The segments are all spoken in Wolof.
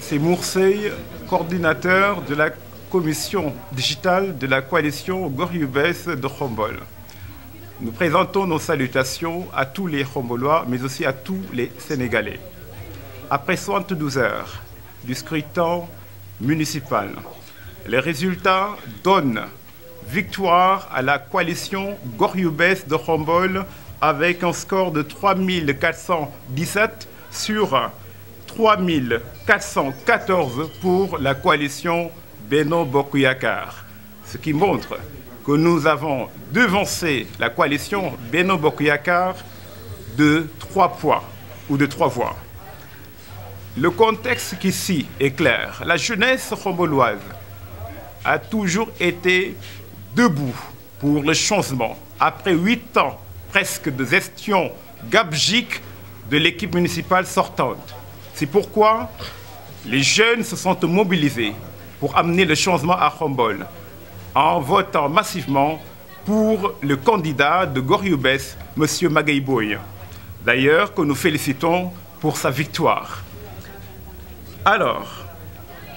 C'est Moursey, coordinateur de la commission digitale de la coalition Gorioubès de Khombol. à tous les Khombolois, mais aussi à tous les Sénégalais. Les résultats donnent victoire à la coalition Gox Yu Bees de Khombole avec un score de 3417 sur 3414 pour la coalition Benno Bokk Yakaar, ce qui montre que nous avons devancé la coalition Benno Bokk Yakaar de trois points ou de trois voix. Le contexte ici est clair. La jeunesse a toujours été debout pour le changement. Après huit ans presque de gestion gabegique de l'équipe municipale sortante. C'est pourquoi les jeunes se sont mobilisés pour amener le changement à Khombole en votant massivement pour le candidat de Gorioubès, M. Magaïboy. D'ailleurs, que nous félicitons pour sa victoire. Alors,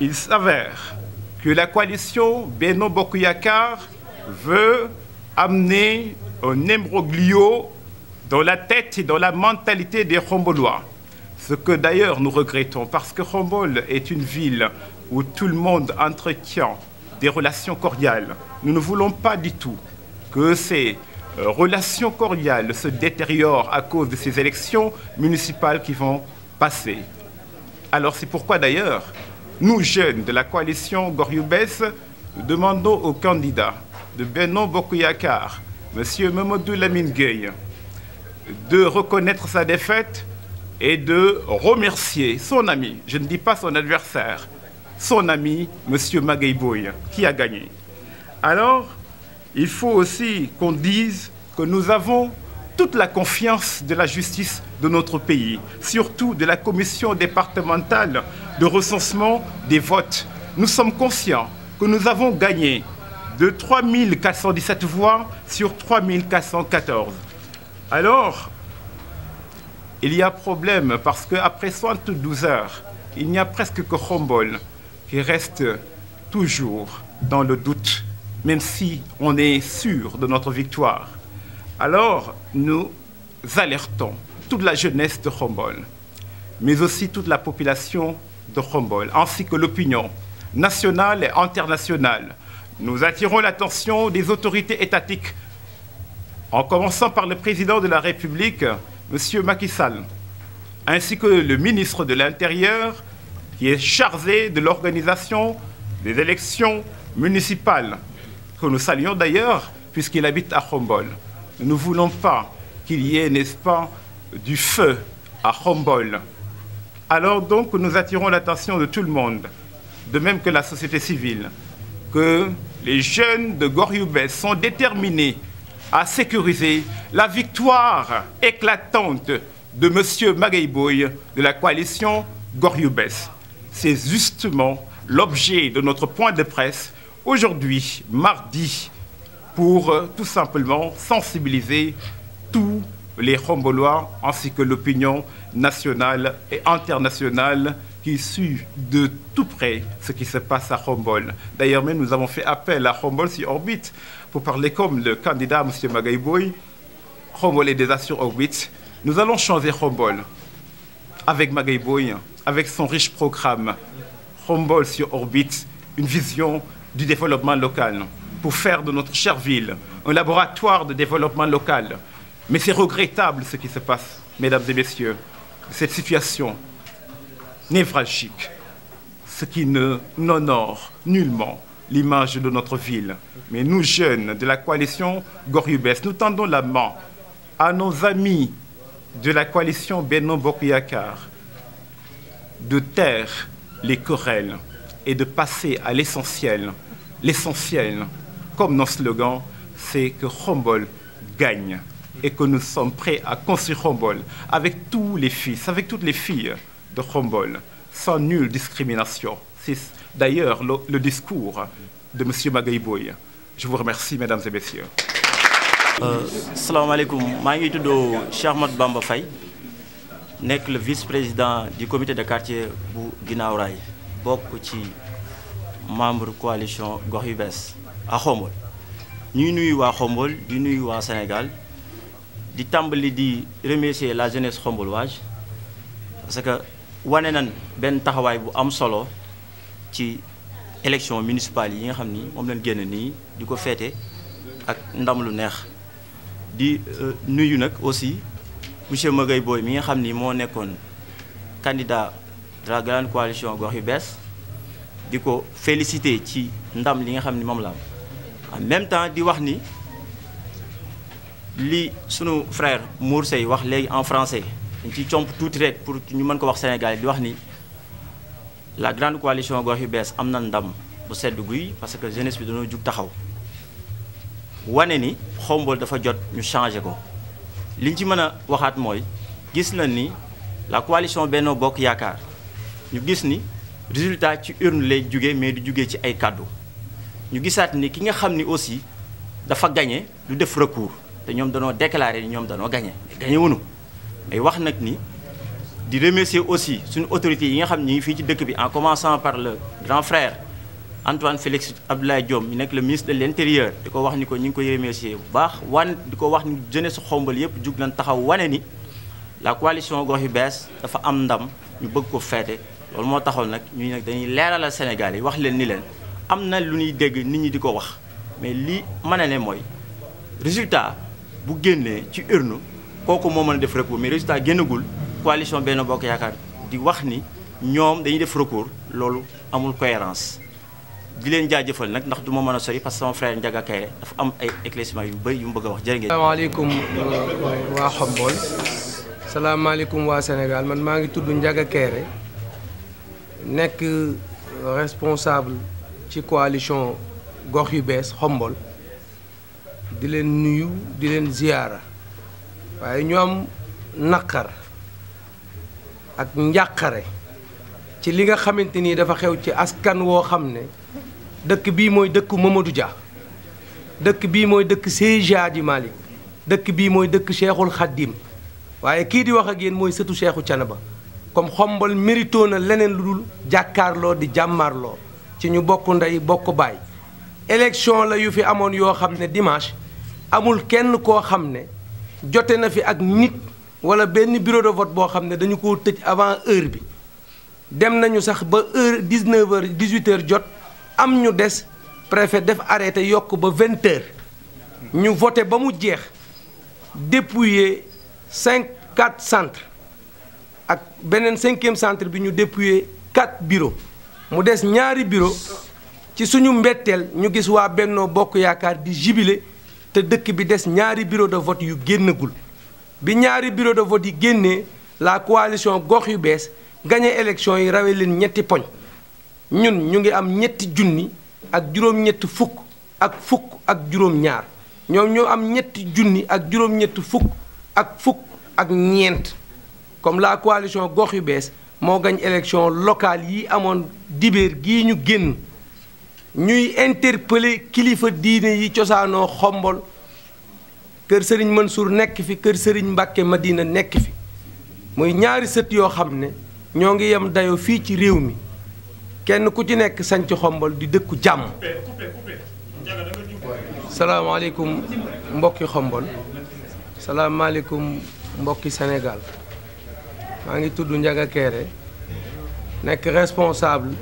il s'avère que la coalition Benno Bokk Yakaar veut amener un imbroglio dans la tête et dans la mentalité des Khombolois. Ce que d'ailleurs nous regrettons parce que Khombol est une ville où tout le monde entretient des relations cordiales. Nous ne voulons pas du tout que ces euh, relations cordiales se détériorent à cause de ces élections municipales qui vont passer. Alors c'est pourquoi d'ailleurs Nous, de la coalition Gor Yu Bess, nous demandons au candidat de Benno Bokk Yakaar, Mamadou Lamine de reconnaître sa défaite et de remercier son ami, je ne dis pas son adversaire, son ami, monsieur Magaye qui a gagné. Alors, il faut aussi qu'on dise que nous avons toute la confiance de la justice de notre pays, de la commission des votes. Nous sommes conscients que nous avons gagné de 3 417 voix sur 3 414. Alors, il y a problème parce qu'après 72 heures, il n'y a presque que Khombol qui reste toujours dans le doute, même si on est sûr de notre Alors, nous alertons toute la jeunesse de Khombol, mais aussi toute la population de Khombol, ainsi que l'opinion nationale et internationale. Nous attirons l'attention des autorités étatiques, en commençant par le président de la République, M. Macky Sall, ainsi que le ministre de l'Intérieur, qui est chargé de l'organisation des élections municipales, que nous saluons d'ailleurs, puisqu'il habite à Khombol. nous ne voulons pas qu'il y ait, n'est-ce pas, du feu à Khombol. Alors donc, nous attirons l'attention de tout le monde, de même que la société civile, que les jeunes de Gorioubès sont déterminés à sécuriser la victoire éclatante de M. Magaiboy de la coalition Gorioubès. C'est justement l'objet de notre point de presse aujourd'hui, mardi pour euh, tout simplement sensibiliser tous les Khombolois ainsi que l'opinion nationale et internationale qui suit de tout près ce qui se passe à Khombole. D'ailleurs nous avons fait appel à Khombole sur orbite pour parler comme le candidat monsieur Magaye Boye. Khombole est déjà sur orbite. Nous allons changer Khombole avec Magaye Boye, avec son riche programme Khombole sur orbite, une vision du développement local. pour faire de notre chère ville un laboratoire de développement local. Mais c'est regrettable ce qui se passe, mesdames et messieurs, cette situation névralgique, ce qui ne n'honore nullement l'image de notre ville. Mais nous, jeunes de la coalition Gorubès, nous tendons la main à nos amis de la coalition Benno Bokk Yakaar de taire les querelles et de passer à l'essentiel, l'essentiel comme nos slogans, c'est que Khombol gagne et que nous sommes prêts à construire Khombol avec tous les fils, avec toutes les filles de Khombol, sans nulle discrimination. C'est d'ailleurs le, le, discours de M. Magaïboy. Je vous remercie, mesdames et messieurs. Euh, salaamaaleykum maa ngi tudd Cheikh Ahmad nekk le vice-président du comité de quartier bu Guinaw Rail bokk ci membre coalition gox yu bees à Khombole ñuy nuyu waa Khombole di nuyu waa Sénégal di tàmbali di remercier la jeunesse xomboloise parce que wane nan benn taxawaay bu am solo ci élection municipale yi nga xam ni moom lañ génn nii di ko féete ak ndam lu neex di euh, nuyu nag aussi monsieur Magaye Boye mi nga xam ni moo nekkoon candidat de la coalition gox yu bees di ko féliciter ci ndam li nga xam ni moom la am en même temps di wax ni li sunu frère muur Seye wax léegi en français dañ ciy comp tuuti rek pour ñu mën ko wax Sénégal di wax ni la grande coalition gox yu bees am na ndam bu sedd guy parce que jeunesse bi dañoo jug taxaw wane ni xombol dafa jot ñu changé ko liñ ci mën a waxaat mooy gis na ni la coalition Benno Bokk Yaakaar ñu gis ni résultat ci urne lay jugee mais du jugee ci ay kàddu ñu gisaat ni ki nga xam ni aussi dafa gañe du def recours te ñoom danoo déclaré ni ñoom danoo gagné mais gagné wuñu mais wax nag ni di remercier aussi suñu autorités yi nga xam ne ñu ngi fii ci dëkk bi en commençant par le grand frère Antoine Félix Abdoulaye Diome ñu nekk le ministre de l' intérieur di ko wax ni ko ñu ngi koy remercier bu baax wan di ko wax ni su xombal yëpp jug nañ taxaw wane ni la coalition gox yi bees dafa am ndam ñu bëgg ko feete loolu moo taxoon nag ñu dañuy leeralal Sénégal yi wax leen ni leen am na lu ñuy dégg nit ñi di ko wax mais lii mën na ne mooy résultat bu génnee ci urne kooku moo mën a def recours mais résultat génnagul coalition benn Bokk Yaakaar di wax ni ñoom dañuy def recours loolu amul cohérence di leen jaajëfal nag ndax du ma mën a sori parce que sama frère Ndiaga dafa am ay éclaircissement yu bëri yu mu bëgg a wax jërë ngeen. salaamaaleykum euh, waa waa Sénégal man maa ngi tudd Ndiaga Kairé nekk euh, responsable. ci coalition gox yu bees xombol di leen nuyu di leen ziyaara waaye ñu am naqar ak njàqare ci li nga xamante ni dafa xew ci askan woo xam ne dëkk bii mooy dëkk Mamadou Dia dëkk bii mooy dëkk Seydi Hadji dëkk bii mooy dëkk Cheikhul Khadim waaye kii di wax ak yéen mooy sëtu Cheikhu Canaba comme xombal mérito na leneen ludul jàkkaarloo di jàmmaarloo ci ñu bokk ndey bokk baay élection la yu fi amoon yoo xam ne dimanche amul kenn koo xam ne jote na fi ak nit wala benn bureau de vote boo xam ne dañu ko tëj avant heure bi dem nañu sax ba heure 19 heures 18 jot am ñu des préfet def arrêté yokk ba 20 heures ñu vote ba mu jeex dépouiller cinq quatre centres ak beneen cinquième centre bi ñu dépouiller quatre bureaux mu des ñaari bureau ci suñu mbetteel ñu gis waa Bennoo Bokk Yaakaar di jibile te dëkk bi des ñaari bureau de vote yu génnagul bi ñaari bureau de vote yi génnee la coalition gox yu bees gañe élection yi rawe leen ñetti poñ ñun ñu ngi am ñetti junni ak juróom-ñetti fukk ak fukk ak juróom-ñaar ñoom ñoo am ñetti junni ak juróom-ñetti fukk ak fukk ak ñeent comme la coalition gox yu bees moo gañ élection locale yi amoon dibéer gi ñu génn ñuy interpeller kilifa diine yi cosaanoo xombol kër sëriñ Mansour nekk fi kër sëriñ Mbàkke Madina nekk fi muy ñaari sët yoo xam ne ñoo ngi yem dayo fii ci réew mi kenn ku ci nekk sanc xombol di dëkku jàmm salaamaaleykum mbokki xombol salaamaaleykum mbokki senegal maa ngi tudd Ndiaga Kéré nekk responsable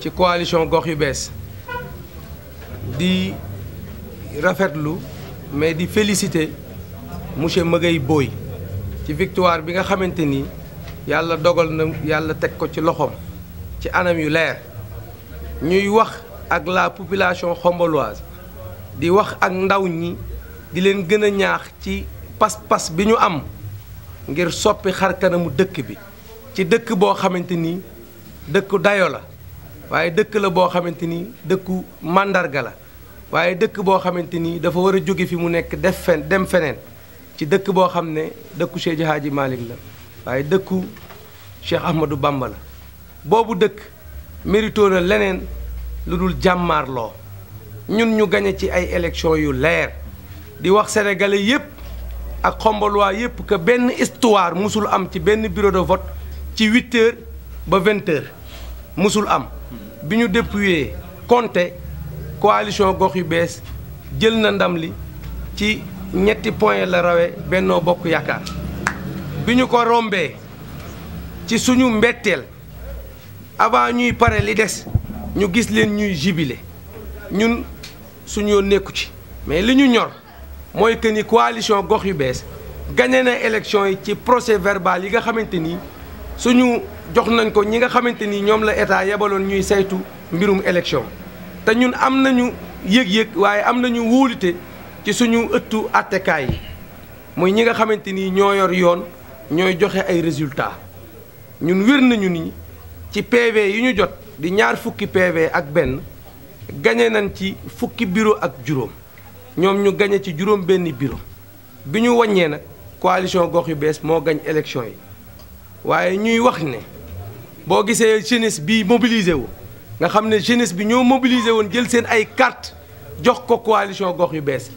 ci coalition gox yu bees di rafetlu mais di féliciter monsieur Magueye booy ci victoire bi nga xamante ni yàlla dogal na yàlla teg ko ci loxoom ci anam yu leer ñuy wax ak la population xomboloise di wax ak ndaw ñi di leen gën a ñaax ci pas-pas bi ñu am ngir soppi xar kanamu dëkk bi ci dëkk boo xamante ni dëkku dayo la waaye dëkk la boo xamante ni dëkku màndarga la waaye dëkk boo xamante ni dafa war a jóge fi mu nekk def fen dem feneen ci dëkk boo xam ne dëkku Cheikh Hadji Malick la waaye dëkku Cheikh Ahmadou Bamba la boobu dëkk mérito leneen lu dul jàmmaarloo ñun ñu gañe ci ay élection yu leer di wax sénégalais yépp ak xomboluwaa yépp que benn histoire mosul am ci benn bureau vote ci huit ba vingt mosul am bi ñu dépuyee compté coalition gox yu bees jël na ndam li ci ñetti point la rawee bennoo bokk yaakaar bi ñu ko rombee ci suñu mbetteel avant ñuy pare li des ñu gis leen ñuy jibile ñun suñu yoon nekku ci mais li ñu ñor mooy que ni coalition gox yu bees gagné na élection yi ci procès verbal yi nga xamante ni suñu jox nañ ko ñi nga xamante ni ñoom la état yebaloon ñuy saytu mbirum élection te ñun am nañu yëg-yëg waaye am nañu wóolute ci suñu ëttu attekaay yi muy ñi nga xamante ni ñoo yor yoon ñooy joxe ay résultats ñun wér nañu ni ci PV yi ñu jot di ñaar fukki PV ak benn gagné nañ ci fukki bureau ak juróom. ñoom ñu gañe ci juróom benn bureau bi ñu wàññee nag coalition gox yu bees moo gañ élection yi waaye ñuy wax ne boo gisee jeunesse bi mobilisé wu nga xam ne jeunesse bi ñoo mobilisé woon jël seen ay carte jox ko coalition gox yu bees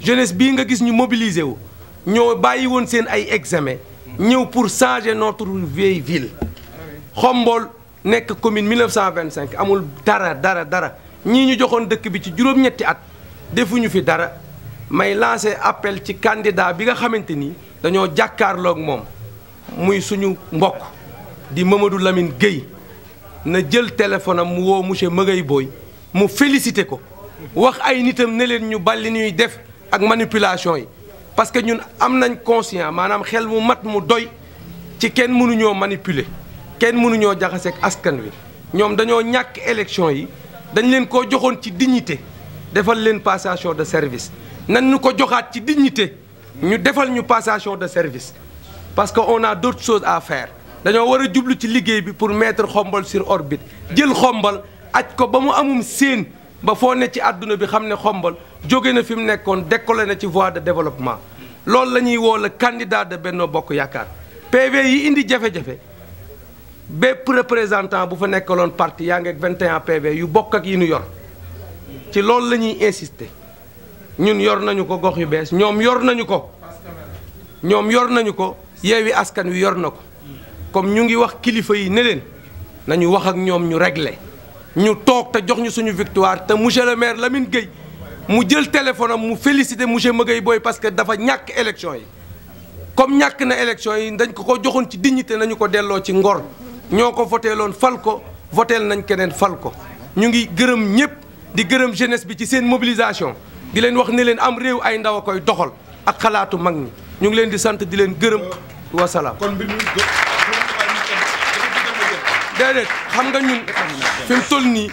jeunesse bii nga gis ñu mobilisé wu ñoo bàyyi woon seen ay examen ñëw pour changer notre vieille ville Xombol nekk commune 1925 amul dara dara dara ñii ñu joxoon dëkk bi ci juróom-ñetti at defuñu fi dara may lancé appel ci kandidaa bi nga xamante ni dañoo jàkkaarlook moom muy suñu mbokk di Mamadou lamin Guèye na jël téléphone am mu woo monsieur Magaye booy mu félicité ko wax ay nitam ne leen ñu bal li ñuy def ak manipulation yi parce que ñun am nañ conscient maanaam xel mu mat mu doy ci kenn mënuñoo manipuler kenn mënuñoo jaxaseek askan wi ñoom dañoo ñàkk élection yi dañ leen koo joxoon ci dignité defal leen passation de service nan ñu ko joxaat ci dignité ñu defal ñu passation de service parce que on a d'autres choses à faire dañoo war a jublu ci liggéey bi pour mettre xombal sur orbite jël xombal aj ko ba mu amum seen ba foo ne ci àdduna bi xam ne xombal jóge na fi mu nekkoon décollé na ci voie de développement loolu la ñuy woo le candidat de Benno Bokk Yaakaar PV yi indi jafe-jafe bépp représentant bu fa nekkaloon parti yaa ngi ak 21 PV yu bokk ak yi nu yor ci loolu lañuy insisté ñun yor nañu ko gox yu bees ñoom yor nañu ko ñoom yor nañu ko yeewi askan wi yor na ko comme ñu ngi wax kilifa yi ne leen nañu wax ak ñoom ñu régler ñu toog te jox ñu suñu victoire te monsieur le la Lamine Gueye mu jël téléphone am mu féliciter monsieur Magueye booy parce que dafa ñàkk élection yi comme ñàkk na élection yi dañ ko ko joxoon ci dignité nañu ko delloo ci ngor ñoo ko voteeloon fal ko voteel nañ keneen fal ko ñu ngi gërëm ñëpp di gërëm jeunesse bi ci seen mobilisation di leen wax ne leen am réew ay ndaw a koy doxal ak xalaatu mag ñi ñu ngi leen di sant di leen gërëm wasalaam. kon mbir mi déedéet xam nga ñun fi toll nii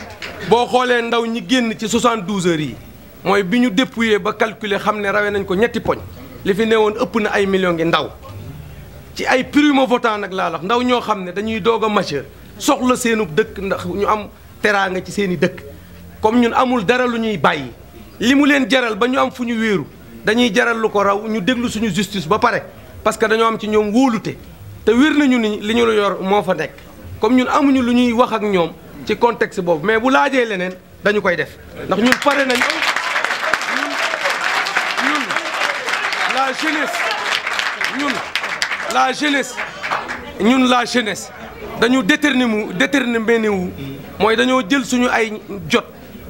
boo xoolee ndaw ñi génn ci 72 heures yi mooy bi ñu dépouillé ba calculer xam ne rawee nañ ko ñetti poñ li fi nee woon ëpp na ay millions ngi ndaw ci ay primo votant nag laa ndaw ñoo xam ne dañuy doog a majeur soxla seenu dëkk ndax ñu am teraanga ci seeni dëkk. comme ñun amul dara lu ñuy bàyyi li mu leen jaral ba ñu am fu ñu wéeru dañuy jaral lu ko raw ñu déglu suñu justice ba pare parce que dañoo am ci ñoom wóolute te wér nañu ni li ñu la yor moo fa nekk comme ñun amuñu lu ñuy wax ak ñoom ci contexte boobu mais bu laajee leneen dañu koy def ndax ñun pare nañ ñun la jeunesse ñun la jeunesse ñun la jeunesse dañu déterminé wu déterminé wu mooy dañoo jël suñu ay jot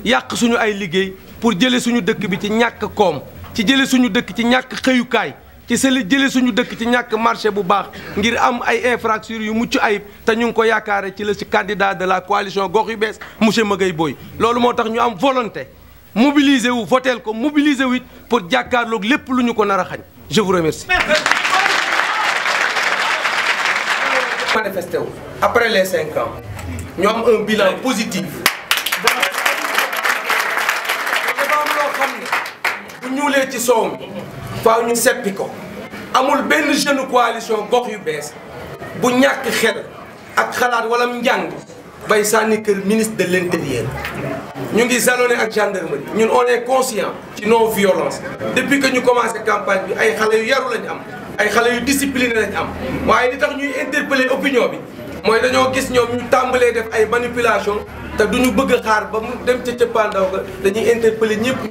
yàq suñu ay liggéey pour jële suñu dëkk bi ci ñàkk koom ci jële suñu dëkk ci ñàkk xëyukaay ci seli jële suñu dëkk ci ñàkk marché bu baax ngir am ay infrastructures yu mucc ayib te ñu ngi ko yaakaare ci la ci candidat de la coalition gox yu bees monsieur Magaye booy loolu moo tax ñu am volonté mobiliser wu voteel ko mobiliser wu pour jàkkaarlook lépp lu ñu ko nar a xañ je vous remercie manifesté wu après les cinq ans ñu am un bilan positif tuulee ci soow mi faaw ñu seppi ko amul benn jeune coalition gox yu bees bu ñàkk xel ak xalaat wala njàng bay sànni kër ministre de l'intérieur ñu ngi jalonné ak gendarmerie ñun on est conscient ci non violence depuis que ñu commencé campagne bi ay xale yu yaru lañ am ay xale yu discipliné lañ am waaye li tax ñuy interpeller opinion bi mooy dañoo gis ñoom ñu tàmbalee def ay manipulation te duñu bëgg a xaar ba mu dem ca cëppaandaw ga dañuy interpeller ñëpp